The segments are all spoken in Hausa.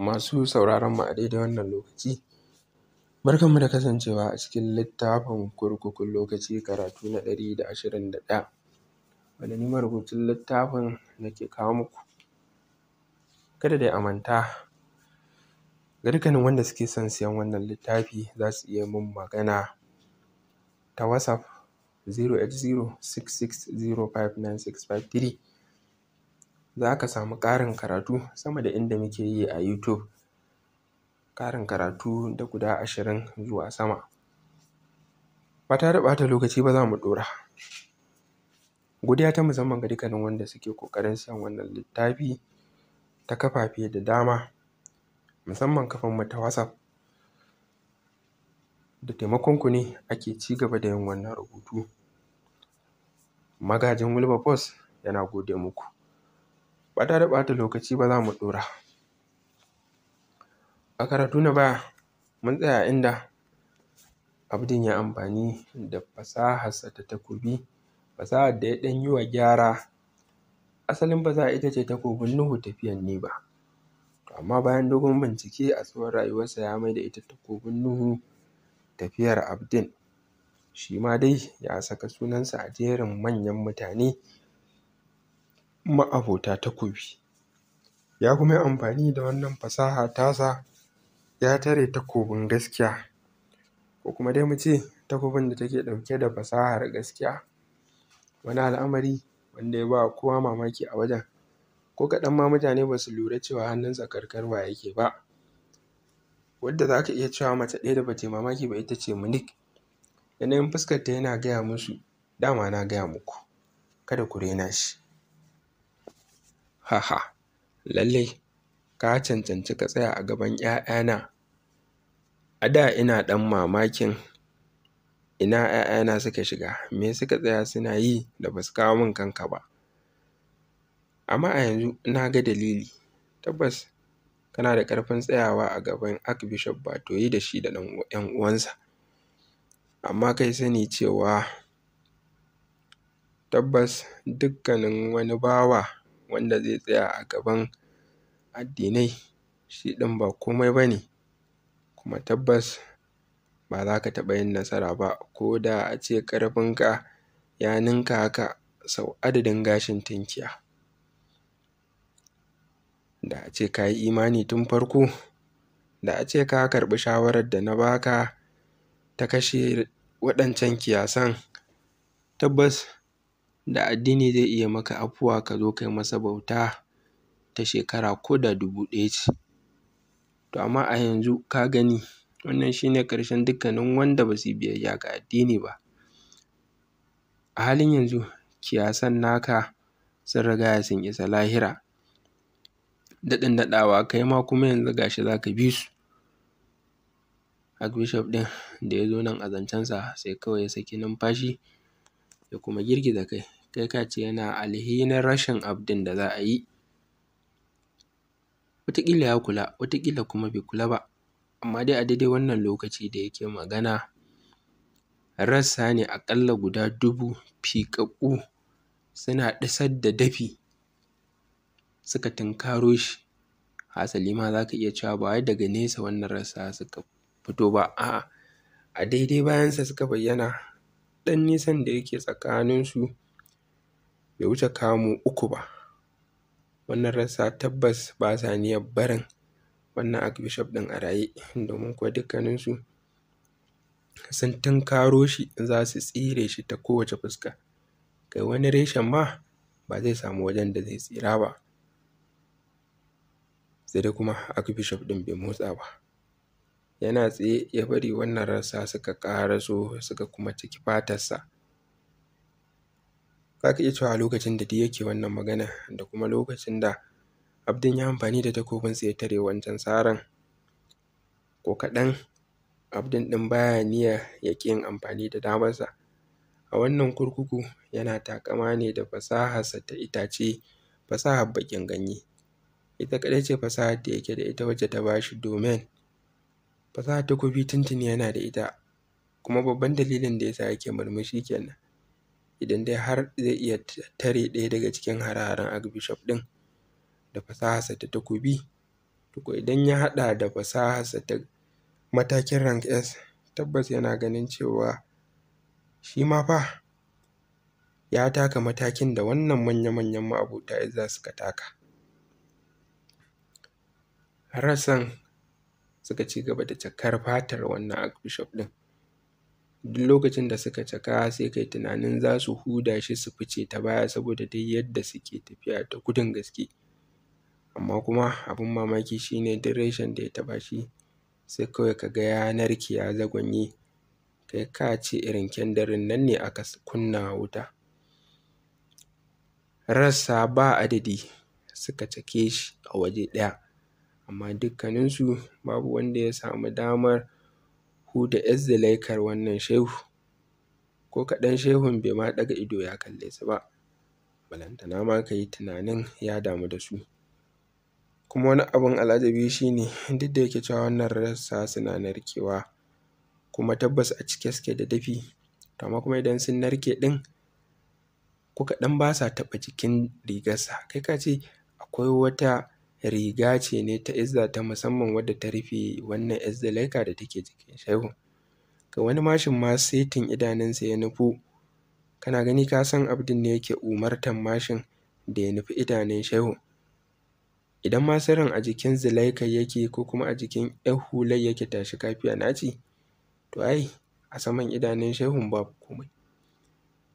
Masu sauraron mu a daidai wannan lokaci, barkan mu da kasancewa a cikin littafin kurkukun lokaci karatu na ɗari da ashirin da ɗaya, wanda ni marubucin littafin nake kawo muku. Kada dai a manta ga dukkanin wanda suke son siyan wannan littafi zasu su iya min magana ta WhatsApp zero eight zero six six zero five nine six five three za ka samu ƙarin karatu sama da inda muke yi a YouTube. Ƙarin karatu da guda ashirin zuwa sama. Ba tare da ɓata lokaci ba za mu ɗora. Godiya ta musamman ga dukkanin wanda suke ƙoƙarin siyan wannan littafi ta kafafe da dama musamman mu ta WhatsApp. Da taimakon ku ne ake ci gaba da yin wannan rubutu. Magajin Wilberforce yana gode muku. ba da ɓata lokaci ba za mu ɗora. A karatu na baya mun tsaya inda Abdin ya yi amfani da fasaharsa ta takobi, fasahar da ya ɗan yi wa gyara. Asalin fasahar ita ce takobin Nuhu tafiyan Neba, amma bayan dogon bincike a tsawon rayuwarsa ya maida ita takobin Nuhu tafiyar Abdin! Shi ma dai ya saka sunansa a jerin manyan mutane ma'abota takobi. Ya kuma yi amfani da wannan fasaha tasa ya tare takobin gaskiya ko kuma dai mu ce takobin da take ɗauke da fasahar gaskiya. Wani al'amari wanda ya ba kowa mamaki a wajen ko kaɗan ma mutane ba su lura cewa hannunsa karkarwa yake ba. Wadda za ka iya cewa mace ɗaya da ba ta mamaki ba ita ce munik Yanayin fuskarta yana gaya musu dama na gaya muku kada ku raina shi. haha lallai ka cancanci ka tsaya a gaban ‘ya'yana a da ina ɗan mamakin ina ‘ya'yana suka shiga me suka tsaya suna yi da ba su kawo min kanka ba amma a yanzu na ga dalili tabbas kana da ƙarfin tsayawa a gaban Archbishop Batoyi da shi da ‘yan uwansa amma kai sani cewa tabbas dukkanin wani bawa wanda zai tsaya a gaban addinai shi ɗin ba komai ba ne kuma tabbas ba za ka taɓa yin nasara ba ko da a ce ƙarfinka ya ninka haka sau adadin gashin tunkiya. Da a ce ka yi imani tun farko da a ce ka karɓi shawarar da na ba ka ta kashe waɗancan kiyasan tabbas da addini zai iya maka afuwa ka zo kai masa bauta ta shekara ko da dubu ɗaya ce to amma a yanzu ka gani wannan shi ne ƙarshen dukkanin wanda ba su yi biyayya ga addini ba a halin yanzu kiyasan naka sun rigaya sun isa lahira daɗin daɗawa kai ma kuma yanzu ga shi za ka bi su Archbishop ɗin da ya zo nan a zancensa sai kawai ya saki numfashi ya kuma girgiza kai kai ka ce yana alhinin rashin abdin da za a yi wataƙila ya kula wataƙila kuma bai kula ba amma dai a daidai wannan lokaci da yake magana rassa ne aƙalla guda dubu fiƙaƙƙu suna ɗisar da dafi suka tunkaro shi hasali ma za ka iya cewa ba wai daga nesa wannan rassa suka fito ba a'a a daidai bayansa suka bayyana ɗan nisan da yake tsakaninsu bai wuce kamu uku ba wannan rasa tabbas ba sa niyyar barin wannan archbishop ɗin a raye domin kuwa dukkaninsu sun tunkaro shi za su tsire shi ta kowace fuska kai wani reshen ma ba zai samu wajen da zai tsira ba sai dai kuma archbishop ɗin bai motsa ba yana tsaye ya bari wannan rasa suka karaso suka kuma ciki fatarsa za ka iya cewa lokacin da duk yake wannan magana da kuma lokacin da Abdin ya amfani da takobinsa ya tare wancan saran ko kaɗan Abdin ɗin baya niyya ya ƙi yin amfani da damarsa. A wannan kurkuku yana taƙama ne da fasaharsa ta itace fasahar baƙin ganye. Ita kaɗai ce fasahar da yake da ita wacce ta ba shi domain. Fasahar takobi tuntuni yana da ita kuma babban dalilin da ya sa yake murmushi kenan. idan dai har zai iya tare ɗaya daga cikin hare-haren Archbishop ɗin da fasaharsa ta takobi, to ko idan ya haɗa da fasaharsa ta matakin rank S tabbas yana ganin cewa shi ma fa ya taka matakin da wannan manya-manyan ma'abota Izza suka taka. Rassan suka ci gaba da cakar fatar wannan Archbishop ɗin. duk lokacin da suka caka sai kai tunanin za su huda shi su fice ta baya saboda dai yadda suke tafiya da gudun gaske amma kuma abin mamaki shine duk reshen da ya taɓa shi sai kawai ka ga ya narke ya zagwanye kai ka ce irin kyandarin nan ne aka kunna wuta rassa ba adadi suka cake shi a waje ɗaya amma dukkaninsu babu wanda ya samu damar Ku da 'yar zulaikar wannan shehu, ko kaɗan shehun bai ma ɗaga ido ya kalle su ba, balantana ma ka yi tunanin ya damu da su. Kuma wani abin al'ajabi shi ne duk da yake cewa wannan rassa suna narkewa kuma tabbas a cike suke da dafi, to amma kuma idan sun narke ɗin ko kaɗan ba sa taɓa jikin rigarsa, kai ka ce akwai wata riga ce ne ta izza ta musamman wadda ta rufe wannan ‘yar zulaika da take jikin shaihu. Ga wani mashin ma setin idanunsa ya nufu kana gani ka san Abdin ne yake umartan mashin da ya nufi idanun shehun. Idan ma sirrin a jikin zulaika yake ko kuma a jikin ‘yar hular yake tashi kafiya naci to ai a saman idanun shehun babu komai.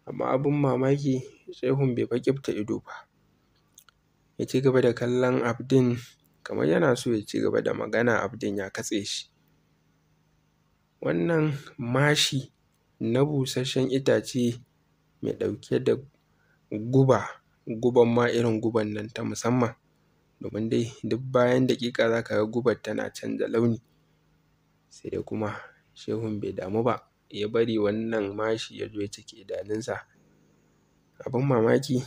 Amma abin mamaki shehun bai fa ido ba. ya ci gaba da kallon abdin kamar yana so ya ci gaba da magana abdin ya katse shi. Wannan mashi na busasshen itace mai ɗauke da guba, guban ma irin guban nan ta musamman domin dai duk bayan daƙiƙa za ka ga gubar tana canza launi. Sai dai kuma shehun bai damu ba ya bari wannan mashi ya zo ya cike idanunsa. Abin mamaki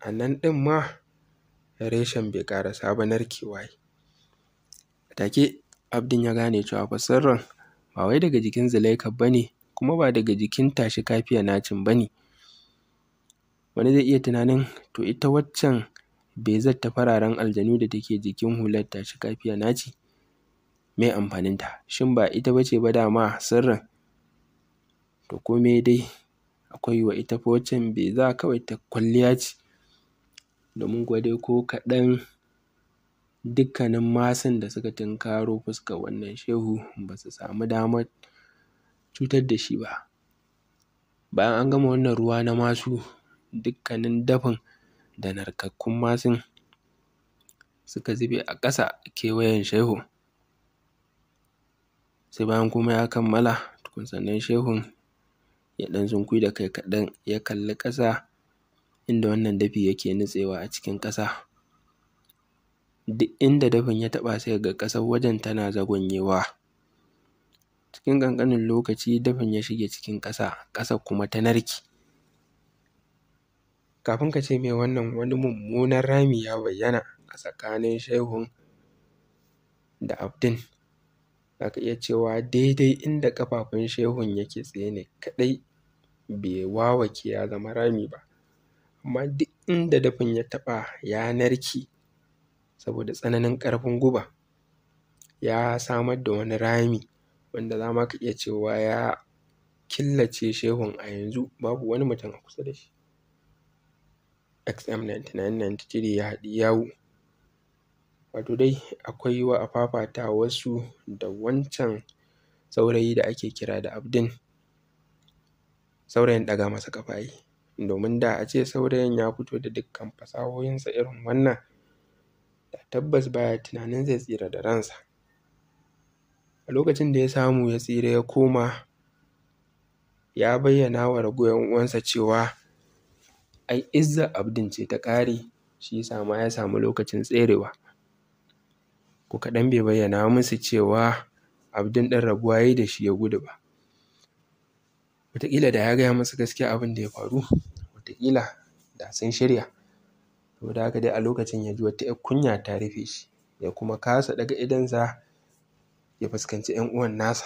a nan ɗin ma reshen bai ƙarasa ba narkewa a take abdin ya gane cewa fa sirrin ba wai daga jikin zulaika ba ne kuma ba daga jikin tashi kafiya nacin ba ne wani zai iya tunanin to ita waccan bezar ta fararen aljanu da take jikin hular tashi kafiya naci mai amfaninta shin ba ita ba ce ba dama sirrin to komai dai akwai wa ita fa waccan za kawai ta kwalliya ce domin kuwa ko kaɗan dukkanin masun da suka tunkaro fuskar wannan shehu ba su samu damar cutar da shi ba. Bayan an gama wannan ruwa na masu dukkanin dafin da narkakkun masun suka zube a ƙasa kewayen shehun. Sai bayan kuma ya kammala tukun sannan shehun ya ɗan sunkuyar da kai kaɗan ya kalli ƙasa inda wannan dafi yake nutsewa a cikin ƙasa duk inda dafin ya taɓa sai ga ƙasar wajen tana zagonyewa cikin ƙanƙanin lokaci dafin ya shige cikin ƙasa ƙasar kuma ta narke kafin ka ce mai wannan wani mummunan rami ya bayyana a tsakanin shehun da abdin za ka iya cewa daidai inda ƙafafun shehun yake tsaye ne kaɗai bai wawake ya zama rami ba amma duk inda dafin ya taɓa ya narke saboda tsananin ƙarfin guba ya samar da wani rami wanda za ma ka iya cewa ya killace shehun a yanzu babu wani mutum a kusa da shi XM 9993 ya haɗi yawo wato dai akwai wa a fafata wasu da wancan saurayi da ake kira da Abdin saurayin ɗaga masa ƙafa yi. domin da a ce saurayin ya fito da dukkan fasahohinsa irin wannan da tabbas ba ya tunanin zai tsira da ransa a lokacin da ya samu ya tsira ya koma ya bayyana wa ragoyan uwansa cewa ai izza abdin ce ta ƙare shi yasa ma ya samu lokacin tserewa ko kaɗan bai bayyana musu cewa abdin ɗin rabuwa ya yi da shi ya gudu ba wataƙila da ya gaya masa gaskiya abin da ya faru wataƙila da sun shirya saboda haka dai a lokacin ya ji wata ‘yar kunya ta rufe shi ya kuma kasa ɗaga idonsa ya fuskanci ‘yan uwan nasa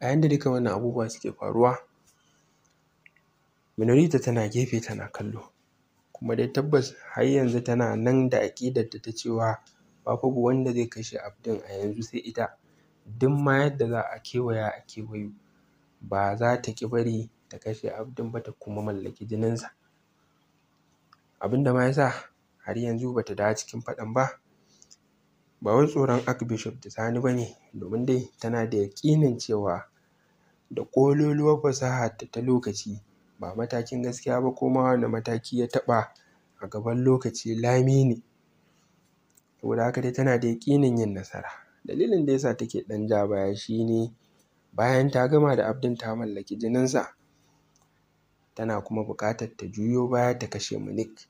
a yanda dukkan wannan abubuwa suke faruwa Minorita tana gefe tana kallo kuma dai tabbas har yanzu tana nan da aƙidar ta cewa babu wanda zai kashe Abdul a yanzu sai ita duk ma yadda za a kewaya a kewayo ba za ta ƙi bari ta kashe Abdun ba ta kuma mallaki jininsa. Abinda da ma ya sa har yanzu ba ta dawo cikin faɗan ba ba wai tsoron Archbishop da Sani ba ne domin dai tana da yaƙinin cewa da ƙololuwar fasaharta ta lokaci ba matakin gaskiya ba ko ma wane mataki ya taɓa a gaban lokaci lami ne. Saboda haka dai tana da yaƙinin yin nasara. Dalilin da yasa take ɗan ja baya shi ne bayan ta gama da Abdin ta mallaki jininsa tana kuma buƙatar ta juyo baya ta kashe munik.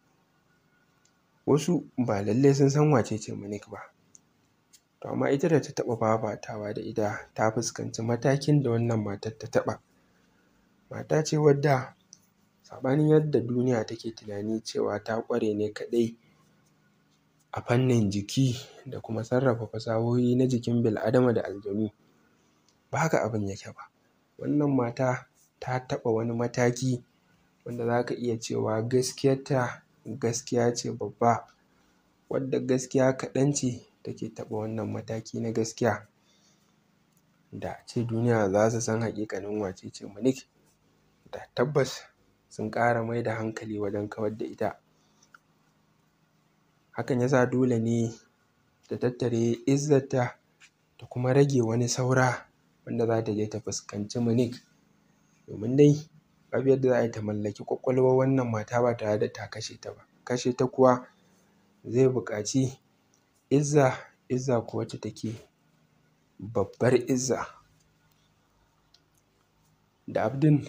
Wasu ba lallai sun san wace ce munik ba. To amma ita da ta taɓa fafatawa da ita ta fuskanci matakin da wannan matar ta taɓa. Mata ce wadda saɓanin yadda duniya take tunani cewa ta ƙware ne kaɗai a fannin jiki da kuma sarrafa fasahohi na jikin bil'adama da aljanu ba haka abin yake ba wannan mata ta taɓa wani mataki wanda za ka iya cewa gaskiyarta gaskiya ce babba wadda gaskiya kaɗan ce take taɓa wannan mataki na gaskiya da a ce duniya za su san haƙiƙanin wace ce Monique da tabbas sun ƙara mai da hankali wajen kawar da ita hakan yasa dole ne ta tattare izzar ta kuma rage wani saura wanda za ta je ta fuskanci Minik domin dai babu yadda za yi ta mallaki ƙwaƙwalwar wannan mata ba tare da ta kashe ta ba, kashe ta kuwa zai buƙaci izza, izza kuwa wacce take babbar izza. Da Abdul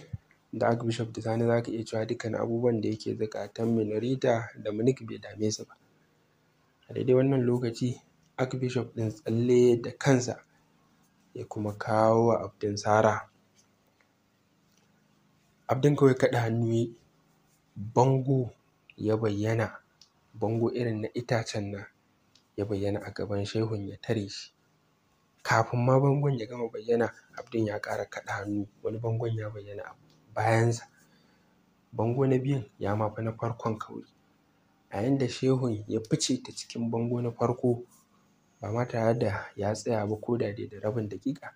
da Archbishop Sani zani zaka iya cewa dukkanin abubuwan da yake zukatan Minorita da Minik bai dame su ba A daidai wannan lokaci Archbishop ɗin tsalle da kansa ya kuma kawo wa Abdin sara. Abdin kawai kaɗa hannu bango ya bayyana bango irin na itacen nan ya bayyana a gaban shehun ya tare shi. Kafin ma bangon ya gama bayyana Abdin ya ƙara kaɗa hannu wani bangon ya bayyana a bayansa. Bango na biyun ya ma fi na farkon kauri. a yanda shehun ya fice ta cikin bango na farko ba ma tare da ya tsaya ba ko da dai da rabin daƙiƙa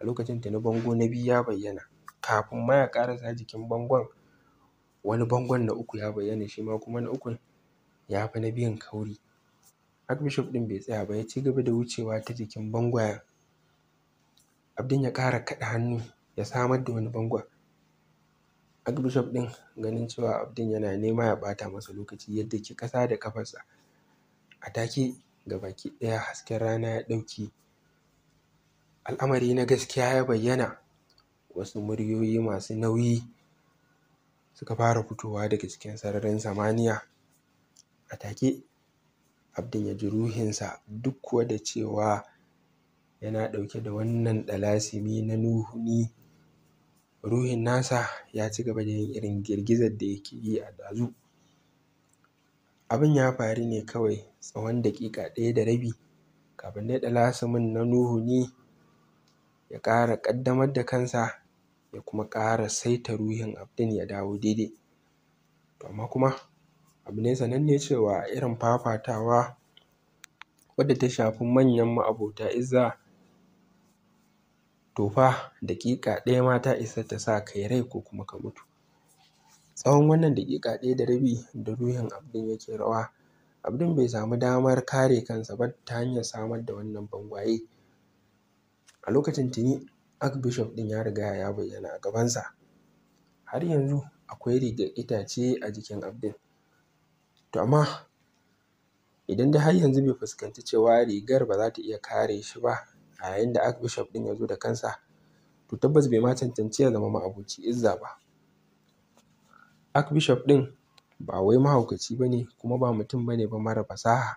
a lokacin da na bango na biyu ya bayyana kafin ma ya ƙarasa jikin bangon wani bangon na uku ya bayyana shi ma kuma na ukun ya fi na biyun kauri Archbishop ɗin bai tsaya ba ya ci gaba da wucewa ta jikin bangwayen Abdin ya ƙara kaɗa hannu ya samar da wani bangon Archbishop ɗin ganin cewa Abdin yana nema ya ɓata masa lokaci yadda daki ƙasa da ƙafarsa. A take ga baki ɗaya hasken rana ya ɗauki. Al'amari na gaskiya ya bayyana. Wasu muryoyi masu nauyi suka fara fitowa daga cikin sararin samaniya. A take Abdin ya ji ruhinsa duk kuwa da cewa yana ɗauke da wannan ɗalasimi na nuhuni ne ruhin nasa ya ci gaba da yin irin girgizar da yake yi a ɗazu abin ya faru ne kawai tsawon daƙiƙa ɗaya da rabi kafin dai ɗalasimin na Nuhu ne ya ƙara ƙaddamar da kansa ya kuma ƙara saita ruhin abdin ya dawo daidai to amma kuma abu ne sananne cewa irin fafatawa wadda ta shafi manyan ma'abota izza Tofa daƙiƙa ɗaya ma ta isa ta sa kai rai ko kuma ka mutu tsawon wannan daƙiƙa ɗaya da rabi da ruhin abdin yake rawa abdin bai samu damar kare kansa ba ta hanyar samar da wannan bangwaye a lokacin tuni Archbishop ɗin ya riga ya bayyana a gabansa har yanzu akwai rigar itace a jikin abdin to amma idan dai har yanzu bai fuskanci cewa rigar ba za ta iya kare shi ba a yayin da Archbishop ɗin ya zo da kansa to tabbas bai ma cancanci ya zama ma'aboci izza ba Archbishop ɗin ba wai mahaukaci ba ne kuma ba mutum ba ne ba mara fasaha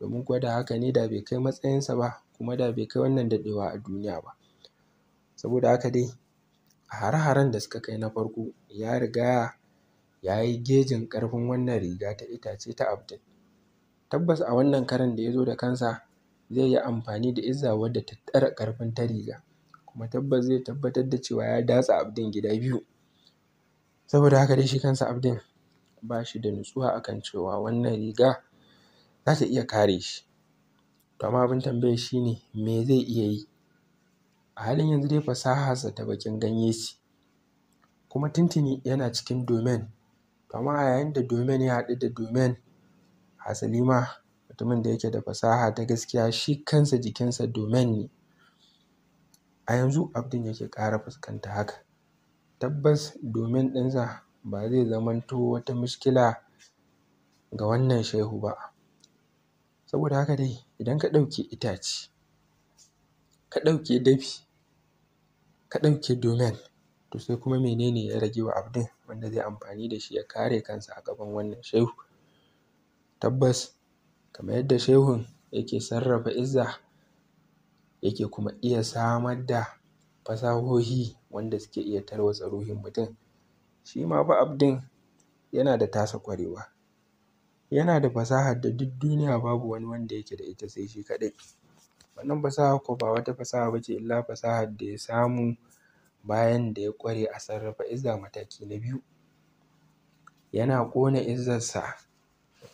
domin kuwa da haka ne da bai kai matsayinsa ba kuma da bai kai wannan daɗewa a duniya ba saboda haka dai a hare-haren da suka kai na farko ya riga ya yi gejin ƙarfin wannan riga ta itace ta Abdul tabbas a wannan karon da ya zo da kansa zai yi amfani da izza wanda ta ɗara ƙarfin ta riga kuma tabbas zai tabbatar da cewa ya datsa Abdin gida biyu saboda haka dai shi kansa Abdin ba shi da nutsuwa akan cewa wannan riga za ta iya kare shi to amma abin tambayar shi ne me zai iya yi a halin yanzu dai fasaharsa ta bakin ganye ce kuma tuntuni yana cikin domain to amma a yayin da domain ya haɗu da domain hasali ma mutumin da yake da fasaha ta gaskiya shi kansa jikinsa domin ne a yanzu abdin yake ƙara fuskanta haka tabbas domin ɗinsa ba zai zamanto wata muskila ga wannan shehu ba saboda haka dai idan ka ɗauki itace ka ɗauki dafi ka ɗauki domin, to sai kuma menene ya rage wa abdin wanda zai amfani da shi ya kare kansa a gaban wannan shehu tabbas kamar yadda shehun yake sarrafa izza yake kuma iya samar da fasahohi wanda suke iya tarwatsa ruhin mutum shi ma fa Abdin yana da tasa ƙwarewa. yana da fasahar da duk duniya babu wani wanda yake da ita sai shi kaɗai wannan fasahar kuwa ba wata fasaha ba ce illa fasahar da ya samu bayan da ya ƙware a sarrafa izza mataki na biyu yana ƙona izzarsa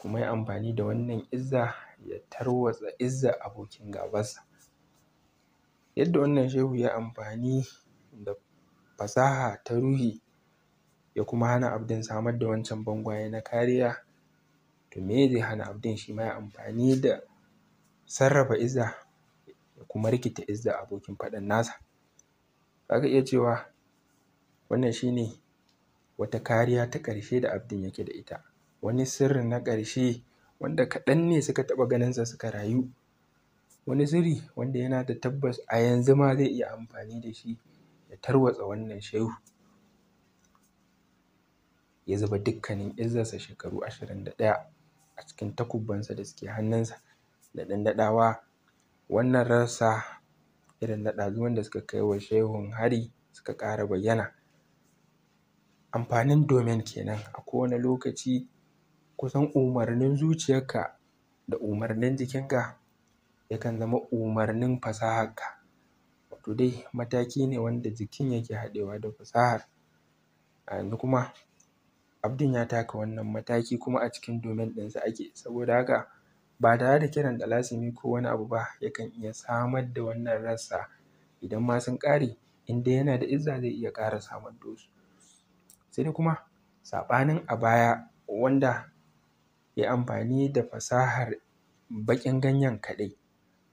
kuma ya amfani da wannan izza ya tarwatsa izzar abokin gabansa. Yadda wannan shehu ya amfani da fasaha ta ruhi ya kuma hana Abdin samar da wancan bangwaye na kariya to meye zai hana Abdin shi ma ya yi amfani da sarrafa izza ya kuma rikita izzar abokin faɗan nasa. Za ka iya cewa wannan shi ne wata kariya ta ƙarshe da Abdin yake da ita wani sirri na ƙarshe wanda kaɗan ne suka taɓa ganinsa suka rayu wani sirri wanda yana da tabbas a yanzu ma zai iya amfani da shi ya tarwatsa wannan shehu ya zuba dukkanin izzarsa shekaru ashirin da ɗaya a cikin takubbansa da suke hannunsa da ɗan daɗawa wannan rassa irin na zuwan da suka kai wa shehun hari suka ƙara bayyana amfanin domin kenan a kowane lokaci kusan umarnin zuciyarka da umarnin jikinka yakan zama umarnin fasaharka to dai mataki ne wanda jikin yake haɗewa da fasahar a yanzu kuma Abdin ya taka wannan mataki kuma a cikin domin ɗinsa ake saboda haka ba tare da kiran dalasimi ko wani abu ba yakan iya samar da wannan rassa idan ma sun ƙare in dai yana da izza zai iya ƙara samar da wasu sai dai kuma saɓanin a baya wanda yi amfani da fasahar baƙin ganyen kaɗai.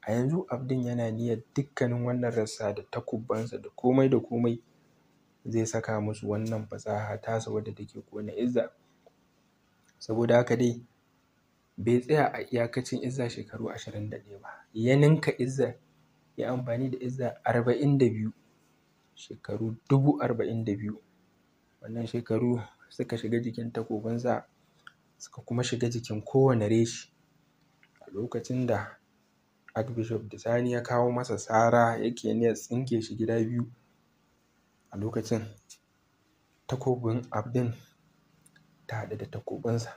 A yanzu Abdul yana niyyar dukkanin wannan rassa da takubbansa da komai da komai zai saka musu wannan fasaha tasa wadda take ƙona Izza. Saboda haka dai bai tsaya a iyakacin Izza shekaru ashirin da ɗaya ba, ya ninka Izza ya yi amfani da Izza arba'in da biyu, shekaru dubu arba'in da biyu. Wannan shekaru suka shiga jikin takobinsa. suka kuma shiga jikin kowane reshe a lokacin da Archbishop Sani ya kawo masa sara yake niyyar tsinke shi gida biyu a lokacin takobin Abdin ta haɗu da takobinsa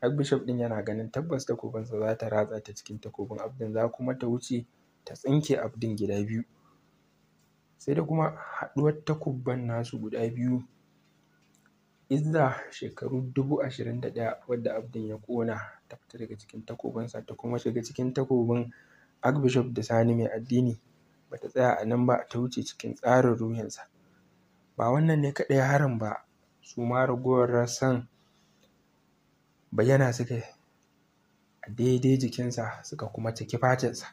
Archbishop ɗin yana ganin tabbas takobinsa za ta ratsa ta cikin takobin Abdin za kuma ta wuce ta tsinke Abdin gida biyu sai da kuma haɗuwar takubban nasu guda biyu Izza shekaru dubu ashirin da ɗaya wadda Abdin ya ƙona ta fita daga cikin takobinsa ta kuma shiga cikin takobin Archbishop da Sani mai addini ba ta tsaya a nan ba ta wuce cikin tsarin ruhinsa. Ba wannan ne kaɗai harin ba su ma ragowar rassan bayyana suka a daidai jikinsa suka kuma caki fatarsa.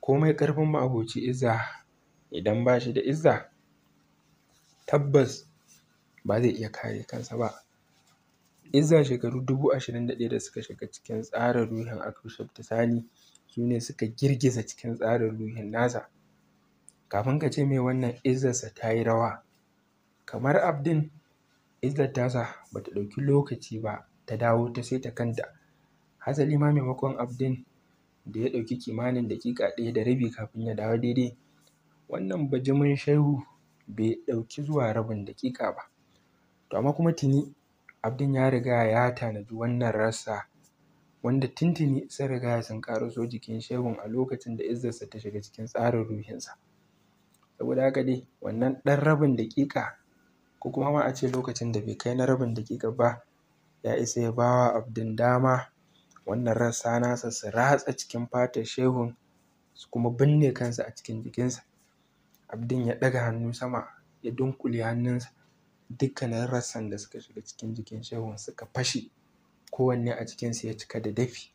Komai ƙarfin ma'aboci Izza idan ba shi da Izza tabbas ba zai iya kare kansa ba. Izza shekaru dubu ashirin da ɗaya da suka shiga cikin tsarin ruhin Akhundasani su ne suka girgiza cikin tsarin ruhin nasa. Kafin ka ce mai wannan izzarsa ta yi rawa. Kamar abdin izza tasa ba ta ɗauki lokaci ba ta dawo ta saita kanta. Hasali ma maimakon abdin da ya ɗauki kimanin daƙiƙa ɗaya da rabi kafin ya dawo daidai, wannan bajimin shehu bai ɗauki zuwa rabin daƙiƙa ba. To amma kuma tuni Abdin ya riga ya tanadi wannan rassa wanda tuni sun riga sun ƙaraso jikin Shehun a lokacin da izzarsa ta shiga cikin tsarin ruhinsa. Saboda haka dai wannan ɗan rabin daƙiƙa ko kuma ma a ce lokacin da bai kai na rabin daƙiƙa ba ya isa ya ba wa Abdin dama wannan rassa nasa su ratsa cikin fatar Shehun su kuma binne kansa a cikin jikinsa. Abdin ya ɗaga hannu sama ya dunƙule hannunsa dukkanin rassan da suka shiga cikin jikin shehun suka fashe kowanne a cikinsu ya cika da dafi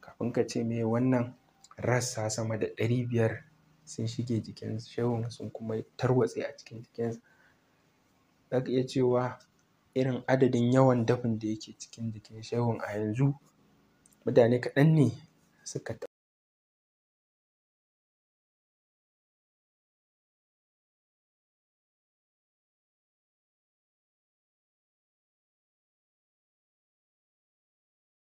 kafin ka ce me wannan rassa sama da ɗari biyar sun shige jikin shehun sun kuma tarwatse a cikin jikinsa za ka iya cewa irin adadin yawan dafin da yake cikin jikin shehun a yanzu mutane kaɗan ne suka